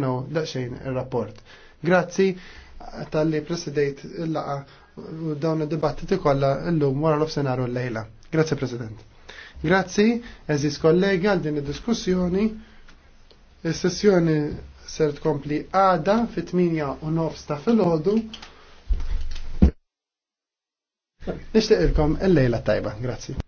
no, daqxejn il-rapport. Grazzi tal-li presidejt il-laqa u dawn id-dibattiti kollha llum wara l-ofsenaru l-lejla. Grazzi President. Grazzi, eżis kollega għal din id-diskussjoni. Is-sessjoni ser tkompli għada fit-8 u 9 ta' filgħodu. Nixtieq ilkom il-lejla tajba. Grazzi.